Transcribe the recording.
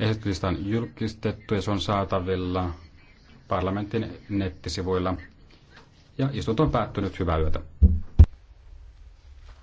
Esityslista on julkistettu ja se on saatavilla parlamentin nettisivuilla. Ja istunto on päättynyt. Hyvää yötä.